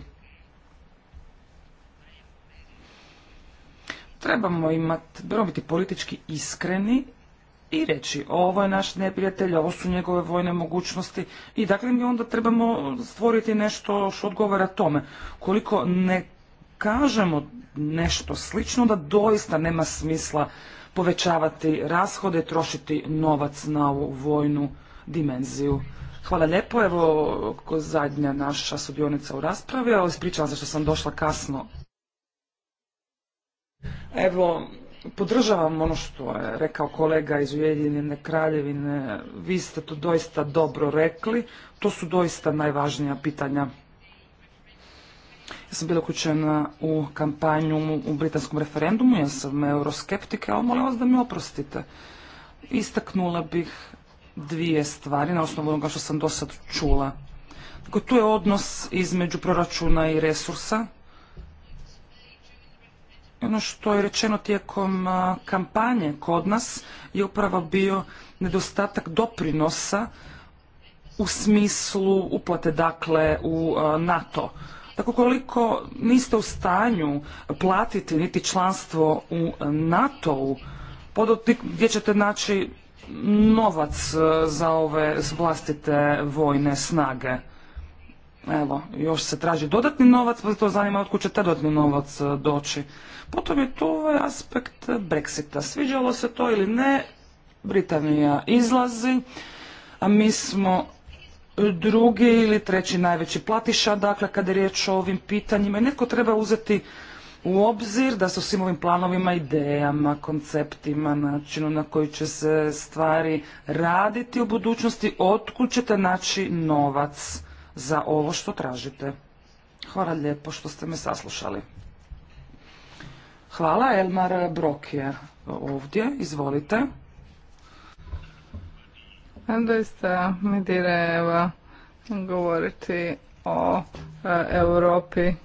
Trebamo imati, biti politički iskreni i reći ovo je naš neprijatelj, ovo su njegove vojne mogućnosti i dakle mi onda trebamo stvoriti nešto što odgovara tome. Koliko ne kažemo nešto slično, da doista nema smisla povećavati rashode, trošiti novac na ovu vojnu dimenziju. Hvala lijepo, evo zadnja naša sudionica u raspravi, ali ispričavam se što sam došla kasno. Evo, podržavam ono što je rekao kolega iz Ujedinjene kraljevine, vi ste to doista dobro rekli, to su doista najvažnija pitanja ja sam bila uključena u kampanju u britanskom referendumu, ja sam euroskeptika, ali molim vas da mi oprostite. Istaknula bih dvije stvari na osnovu onoga što sam do sad čula. Dakle, tu je odnos između proračuna i resursa. Ono što je rečeno tijekom kampanje kod nas je upravo bio nedostatak doprinosa u smislu uplate dakle u NATO. Tako koliko niste u stanju platiti niti članstvo u NATO-u, gdje ćete naći novac e, za ove vlastite vojne snage? Evo, još se traži dodatni novac, pa to zanima otkud će te dodatni novac e, doći. Potom je to ovaj aspekt Brexita. Sviđalo se to ili ne, Britanija izlazi, a mi smo drugi ili treći najveći platiša, dakle kada je riječ o ovim pitanjima i netko treba uzeti u obzir da su svim ovim planovima, idejama, konceptima, načinu na koji će se stvari raditi u budućnosti, otkud ćete naći novac za ovo što tražite. Hvala lijepo što ste me saslušali. Hvala, Elmar Brok je ovdje, izvolite. Doista mi direva govoriti o e, Europi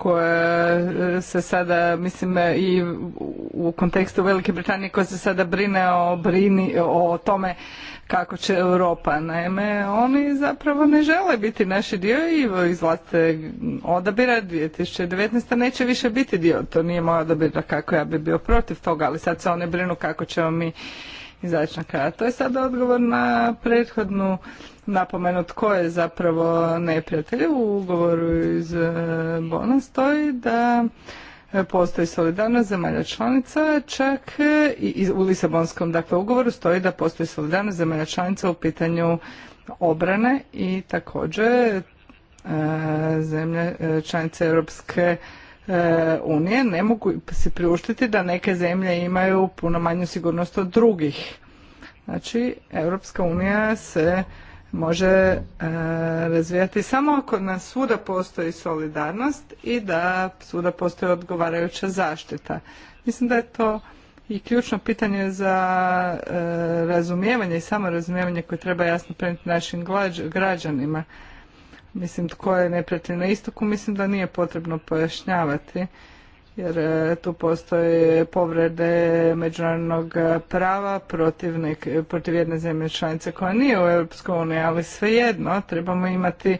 koja e, se sada, mislim e, i u kontekstu Velike Britanije koja se sada brine o, brini, o tome kako će Europa. Naime, oni zapravo ne žele biti naši dio i iz vlastite odabira 2019. neće više biti dio. To nije moja odabir kako ja bi bio protiv toga, ali sad se oni brinu kako ćemo mi izaći na kraj. To je sada odgovor na prethodnu napomenu tko je zapravo neprijatelj. U ugovoru iz e, Bona stoji da e, postoji solidarnost zemalja članica, čak e, i u Lisabonskom dakle, ugovoru stoji da postoji solidarnost zemalja članica u pitanju obrane i također zemlje članice Europske E, unije ne mogu si priuštiti da neke zemlje imaju puno manju sigurnost od drugih. Znači, Europska unija se može e, razvijati samo ako na svuda postoji solidarnost i da svuda postoji odgovarajuća zaštita. Mislim da je to i ključno pitanje za e, razumijevanje i samorazumijevanje koje treba jasno prenijeti našim građanima mislim tko je neprijatelj na istoku, mislim da nije potrebno pojašnjavati jer e, tu postoje povrede međunarodnog prava protiv, jedne zemlje članice koja nije u EU, ali svejedno trebamo imati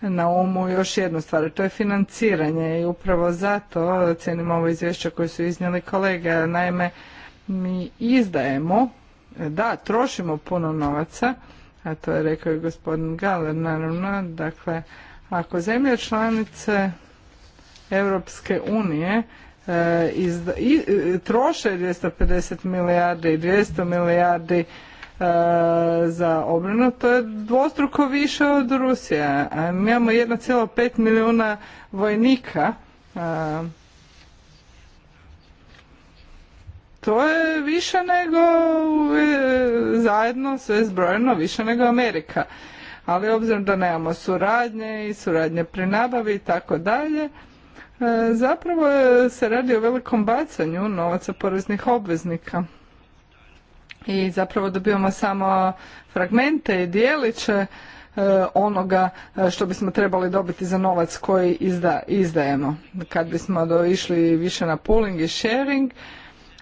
na umu još jednu stvar, to je financiranje i upravo zato cijenim ovo izvješće koje su iznijeli kolege. Naime, mi izdajemo, da, trošimo puno novaca, a to je rekao i gospodin Galer, naravno, dakle, ako zemlje članice Europske unije e, e pedeset troše 250 milijardi i 200 milijardi e, za obranu, to je dvostruko više od Rusije. A mi imamo 1,5 milijuna vojnika e, to je više nego e, zajedno sve zbrojeno više nego Amerika. Ali obzirom da nemamo suradnje i suradnje pri nabavi i tako dalje, e, zapravo se radi o velikom bacanju novaca poreznih obveznika. I zapravo dobivamo samo fragmente i dijeliće e, onoga što bismo trebali dobiti za novac koji izdajemo. Kad bismo išli više na pooling i sharing,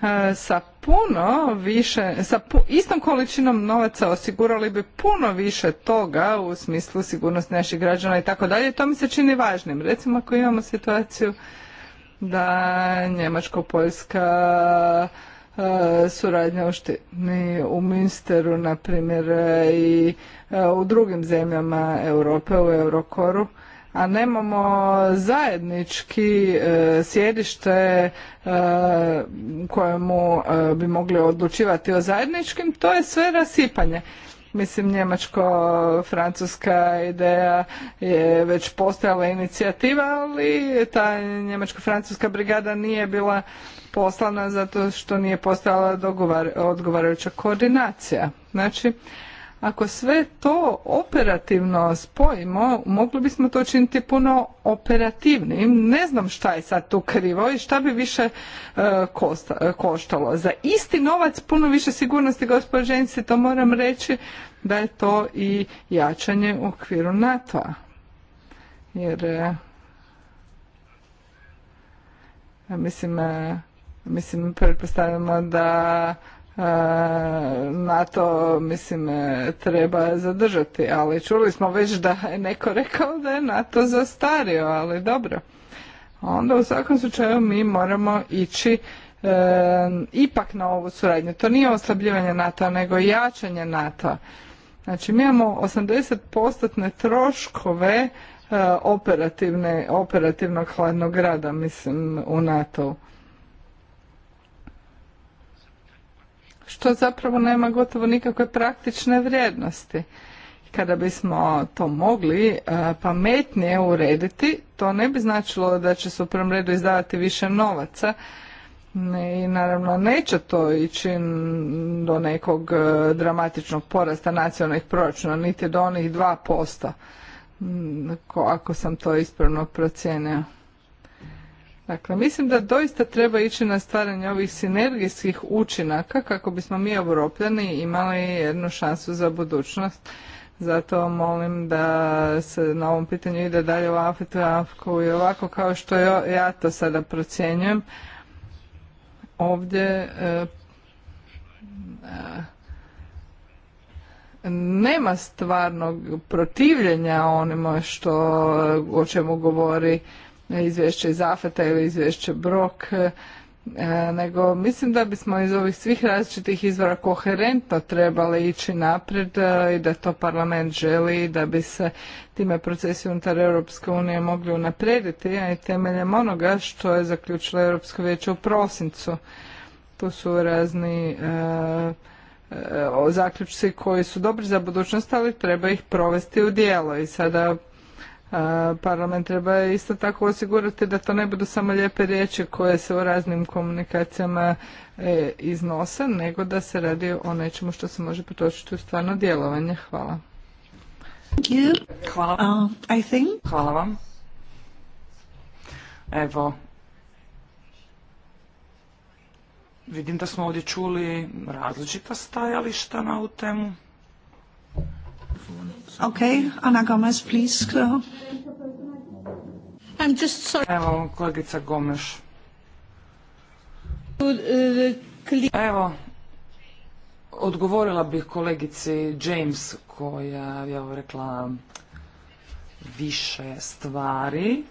E, sa puno više, sa pu, istom količinom novaca osigurali bi puno više toga u smislu sigurnosti naših građana i tako dalje. To mi se čini važnim. Recimo ako imamo situaciju da Njemačko-Poljska e, suradnja u, u Münsteru, na primjer, e, i u drugim zemljama Europe, u Eurokoru, a nemamo zajednički e, sjedište e, kojemu e, bi mogli odlučivati o zajedničkim, to je sve rasipanje. Mislim, njemačko-francuska ideja je već postojala inicijativa, ali ta njemačko-francuska brigada nije bila poslana zato što nije postojala odgovarajuća koordinacija. Znači, ako sve to operativno spojimo, mogli bismo to učiniti puno operativnim. Ne znam šta je sad tu krivo i šta bi više e, koštalo. Za isti novac puno više sigurnosti, gospođe Ženci, to moram reći da je to i jačanje u okviru NATO-a. Jer, e, mislim, e, mislim, pretpostavljamo da E, NATO mislim e, treba zadržati, ali čuli smo već da je neko rekao da je NATO zastario, ali dobro. Onda u svakom slučaju mi moramo ići e, ipak na ovu suradnju. To nije oslabljivanje NATO, nego jačanje NATO. Znači mi imamo 80% troškove operativne, operativnog hladnog rada mislim u NATO. -u. što zapravo nema gotovo nikakve praktične vrijednosti. Kada bismo to mogli e, pametnije urediti, to ne bi značilo da će se u prvom redu izdavati više novaca, i naravno neće to ići do nekog e, dramatičnog porasta nacionalnih proračuna, niti do onih 2%, mm, ako sam to ispravno procijenio. Dakle, mislim da doista treba ići na stvaranje ovih sinergijskih učinaka kako bismo mi europljani imali jednu šansu za budućnost. Zato molim da se na ovom pitanju ide dalje u afetu i ovako kao što ja to sada procjenjujem. Ovdje e, e, nema stvarnog protivljenja onima što, o čemu govori izvješće iz Afeta ili izvješće Brok, e, nego mislim da bismo iz ovih svih različitih izvora koherentno trebali ići naprijed e, i da to parlament želi da bi se time procesi unutar Europske unije mogli unaprijediti, a i temeljem onoga što je zaključilo Europsko vijeće u prosincu. Tu su razni e, zaključci koji su dobri za budućnost, ali treba ih provesti u dijelo i sada parlament treba isto tako osigurati da to ne budu samo lijepe riječi koje se u raznim komunikacijama e, iznose, nego da se radi o nečemu što se može pretočiti u stvarno djelovanje. Hvala. Hvala. Uh, Hvala vam. Evo, vidim da smo ovdje čuli različita stajališta na ovu temu. Okay, Ana Gomez, please. I'm Evo, kolegica Gomez. Uh, odgovorila bih kolegici James koja je rekla više stvari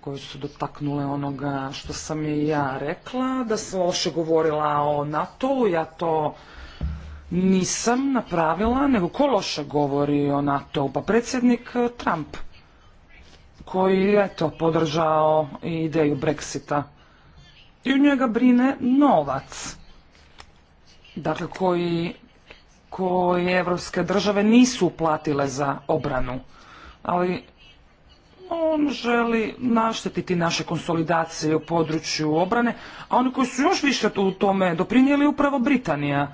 koje su dotaknule onoga što sam i ja rekla, da sam loše govorila o NATO-u, ja to nisam napravila, nego ko loše govori o nato pa predsjednik eh, Trump, koji je to podržao ideju Brexita. I u njega brine novac, dakle koji, koji evropske države nisu uplatile za obranu. Ali on želi naštetiti naše konsolidacije u području obrane, a oni koji su još više u tome doprinijeli upravo Britanija.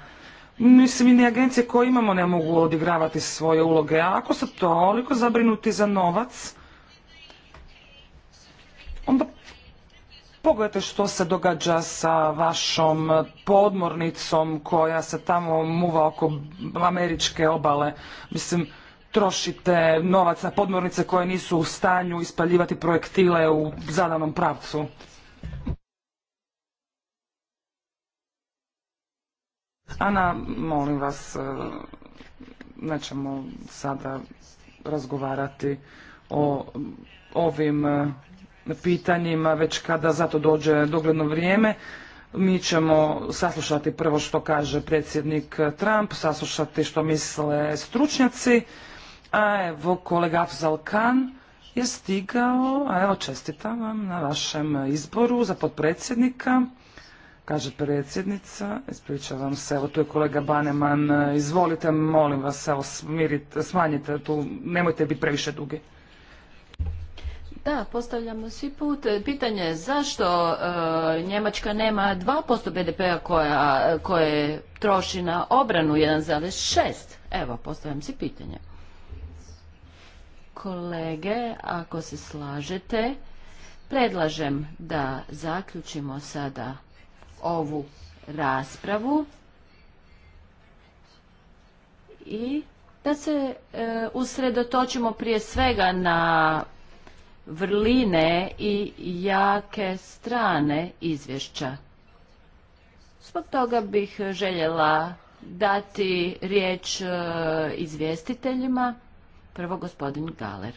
Mislim i ni agencije koje imamo ne mogu odigravati svoje uloge, a ako su toliko zabrinuti za novac, onda pogledajte što se događa sa vašom podmornicom koja se tamo muva oko američke obale. Mislim, trošite novac na podmornice koje nisu u stanju ispaljivati projektile u zadanom pravcu. Ana, molim vas, e, nećemo sada razgovarati o ovim e, pitanjima, već kada zato dođe dogledno vrijeme. Mi ćemo saslušati prvo što kaže predsjednik Trump, saslušati što misle stručnjaci. A evo, kolega Afzal Khan je stigao, a evo čestitam vam na vašem izboru za potpredsjednika kaže predsjednica. Ispričavam se, evo tu je kolega Baneman. E, izvolite, molim vas, evo smirite, smanjite tu, nemojte biti previše dugi. Da, postavljamo svi put. Pitanje je zašto e, Njemačka nema 2% BDP-a koje troši na obranu 1,6? Evo, postavljam si pitanje. Kolege, ako se slažete, predlažem da zaključimo sada ovu raspravu i da se e, usredotočimo prije svega na vrline i jake strane izvješća. Zbog toga bih željela dati riječ e, izvjestiteljima. Prvo gospodin Galer.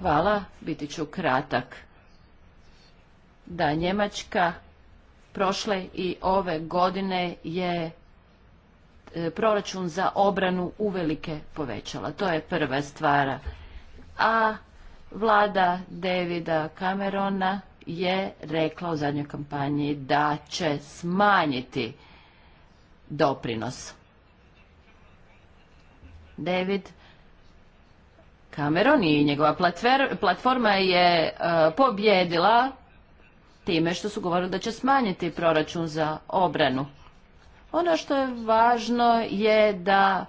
Hvala, biti ću kratak. Da, Njemačka prošle i ove godine je e, proračun za obranu uvelike povećala. To je prva stvara. A vlada Davida Camerona je rekla u zadnjoj kampanji da će smanjiti doprinos. David Cameron i njegova platforma je e, pobjedila time što su govorili da će smanjiti proračun za obranu. Ono što je važno je da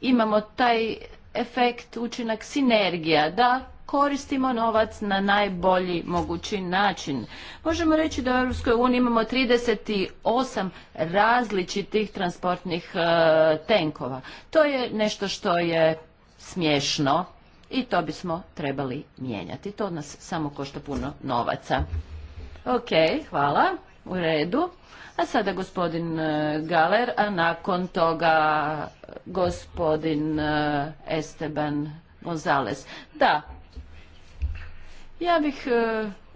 imamo taj efekt, učinak sinergija, da koristimo novac na najbolji mogući način. Možemo reći da u EU imamo 38 različitih transportnih e, tenkova. To je nešto što je smiješno i to bismo trebali mijenjati. To nas samo košta puno novaca. Ok, hvala. U redu. A sada gospodin e, Galer, a nakon toga e, gospodin e, Esteban Gonzales. Da, ja bih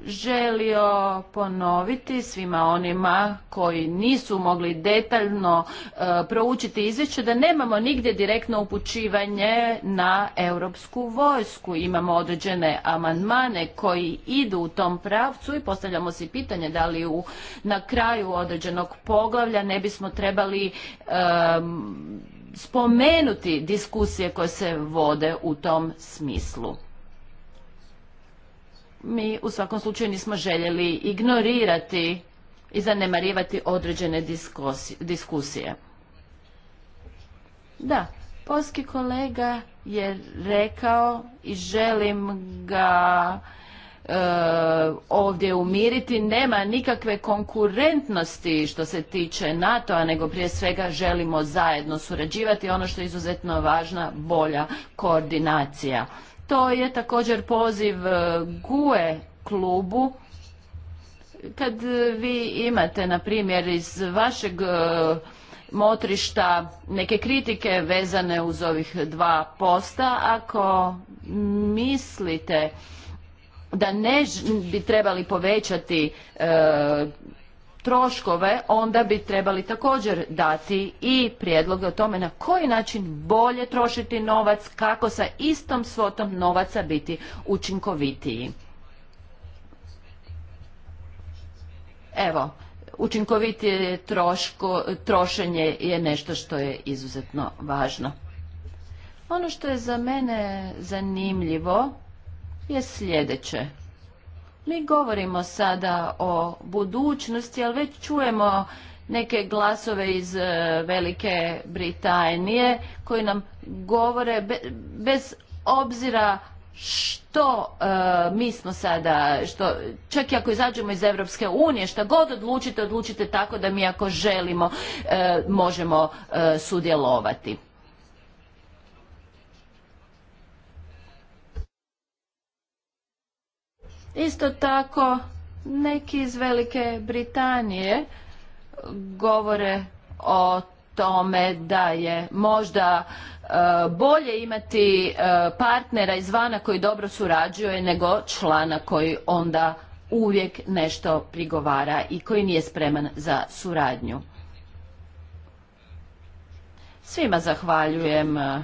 želio ponoviti svima onima koji nisu mogli detaljno e, proučiti izvješće da nemamo nigdje direktno upućivanje na europsku vojsku. Imamo određene amandmane koji idu u tom pravcu i postavljamo si pitanje da li u, na kraju određenog poglavlja ne bismo trebali spomenuti diskusije koje se vode u tom smislu mi u svakom slučaju nismo željeli ignorirati i zanemarivati određene diskusije. Da, polski kolega je rekao i želim ga e, ovdje umiriti, nema nikakve konkurentnosti što se tiče NATO-a, nego prije svega želimo zajedno surađivati, ono što je izuzetno važna bolja koordinacija to je također poziv e, GUE klubu kad vi imate na primjer iz vašeg e, motrišta neke kritike vezane uz ovih dva posta ako mislite da ne bi trebali povećati e, troškove, onda bi trebali također dati i prijedloge o tome na koji način bolje trošiti novac, kako sa istom svotom novaca biti učinkovitiji. Evo, učinkovitije troško, trošenje je nešto što je izuzetno važno. Ono što je za mene zanimljivo je sljedeće. Mi govorimo sada o budućnosti, ali već čujemo neke glasove iz e, Velike Britanije koji nam govore bez obzira što e, mi smo sada, čak i ako izađemo iz Europske unije, šta god odlučite, odlučite tako da mi ako želimo e, možemo sudjelovati. Isto tako, neki iz Velike Britanije govore o tome da je možda e, bolje imati e, partnera izvana koji dobro surađuje nego člana koji onda uvijek nešto prigovara i koji nije spreman za suradnju. Svima zahvaljujem e,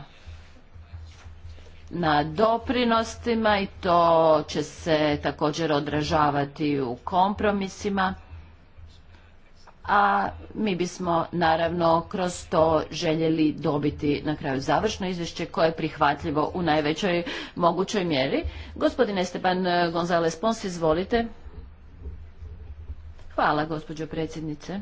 na doprinostima i to će se također odražavati u kompromisima a mi bismo naravno kroz to željeli dobiti na kraju završno izvješće koje je prihvatljivo u najvećoj mogućoj mjeri. Gospodine Esteban González Pons, izvolite. Hvala gospođo predsjednice.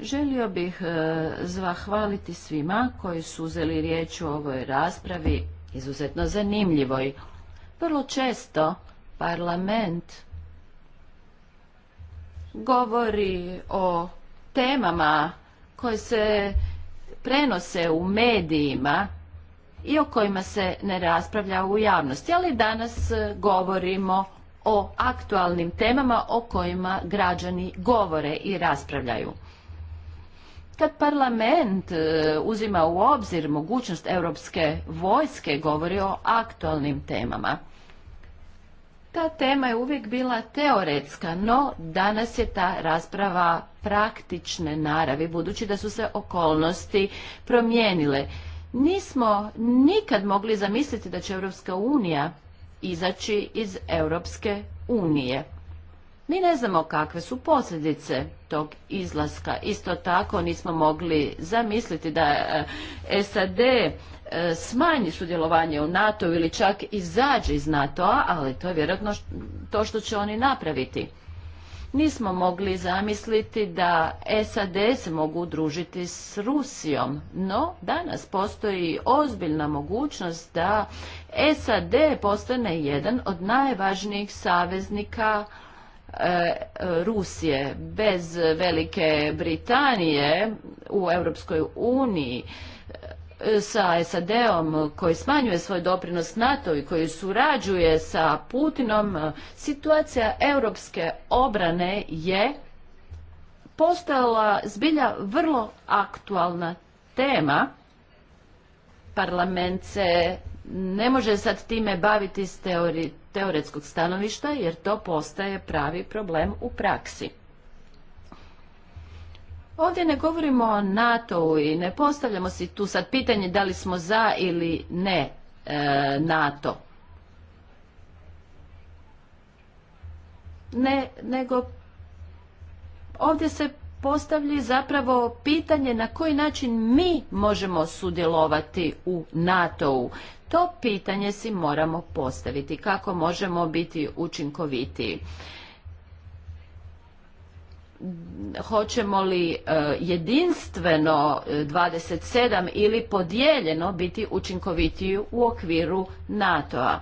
Želio bih e, zahvaliti svima koji su uzeli riječ u ovoj raspravi, izuzetno zanimljivoj. Vrlo često parlament govori o temama koje se prenose u medijima i o kojima se ne raspravlja u javnosti, ali danas e, govorimo o aktualnim temama o kojima građani govore i raspravljaju kad parlament e, uzima u obzir mogućnost europske vojske, govori o aktualnim temama. Ta tema je uvijek bila teoretska, no danas je ta rasprava praktične naravi, budući da su se okolnosti promijenile. Nismo nikad mogli zamisliti da će Europska unija izaći iz Europske unije. Mi ne znamo kakve su posljedice tog izlaska. Isto tako nismo mogli zamisliti da e, SAD e, smanji sudjelovanje u NATO ili čak izađe iz NATO-a, ali to je vjerojatno to što će oni napraviti. Nismo mogli zamisliti da SAD se mogu družiti s Rusijom, no danas postoji ozbiljna mogućnost da SAD postane jedan od najvažnijih saveznika E, Rusije, bez Velike Britanije u Europskoj uniji e, sa SAD-om koji smanjuje svoj doprinos NATO i koji surađuje sa Putinom, situacija europske obrane je postala zbilja vrlo aktualna tema. Parlament se ne može sad time baviti s teoretskog stanovišta jer to postaje pravi problem u praksi. Ovdje ne govorimo o NATO-u i ne postavljamo si tu sad pitanje da li smo za ili ne e, NATO. Ne, nego ovdje se postavlja zapravo pitanje na koji način mi možemo sudjelovati u NATO-u. To pitanje si moramo postaviti kako možemo biti učinkovitiji hoćemo li e, jedinstveno 27 e, ili podijeljeno biti učinkovitiji u okviru NATO-a.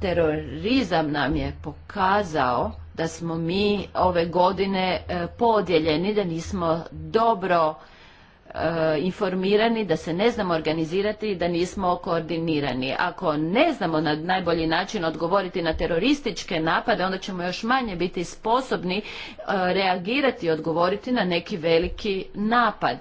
Terorizam nam je pokazao da smo mi ove godine e, podijeljeni, da nismo dobro e, informirani, da se ne znamo organizirati i da nismo koordinirani. Ako ne znamo na najbolji način odgovoriti na terorističke napade, onda ćemo još manje biti sposobni e, reagirati i odgovoriti na neki veliki napad.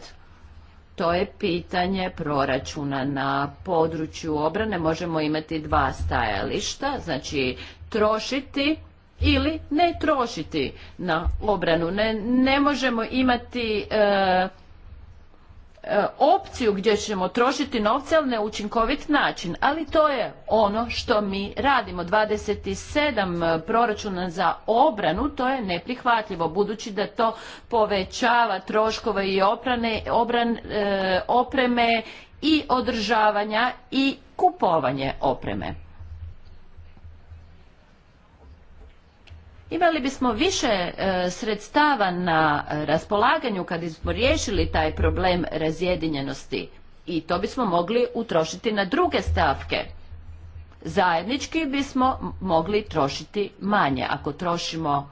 To je pitanje proračuna na području obrane. Možemo imati dva stajališta, znači trošiti ili ne trošiti na obranu. Ne, ne možemo imati e, e, opciju gdje ćemo trošiti novce, ali neučinkovit način. Ali to je ono što mi radimo. 27 e, proračuna za obranu, to je neprihvatljivo, budući da to povećava troškove i oprane, obran, opreme i održavanja i kupovanje opreme. imali bismo više e, sredstava na raspolaganju kad bismo riješili taj problem razjedinjenosti i to bismo mogli utrošiti na druge stavke. Zajednički bismo mogli trošiti manje ako trošimo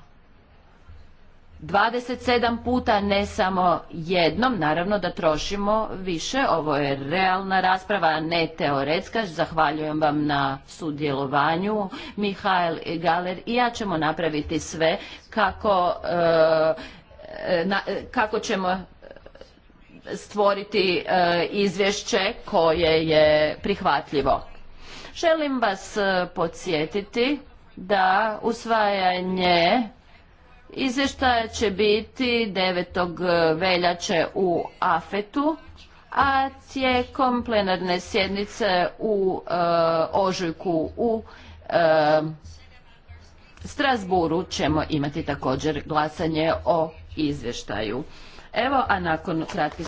27 puta, ne samo jednom, naravno da trošimo više, ovo je realna rasprava, a ne teoretska, zahvaljujem vam na sudjelovanju, Mihajl i Galer i ja ćemo napraviti sve kako, e, e, kako ćemo e, stvoriti izvješće koje je prihvatljivo. Želim vas podsjetiti da usvajanje Izvještaja će biti 9. E, veljače u Afetu, a tijekom plenarne sjednice u e, Ožujku u e, Strasburu ćemo imati također glasanje o izvještaju. Evo, a nakon kratkih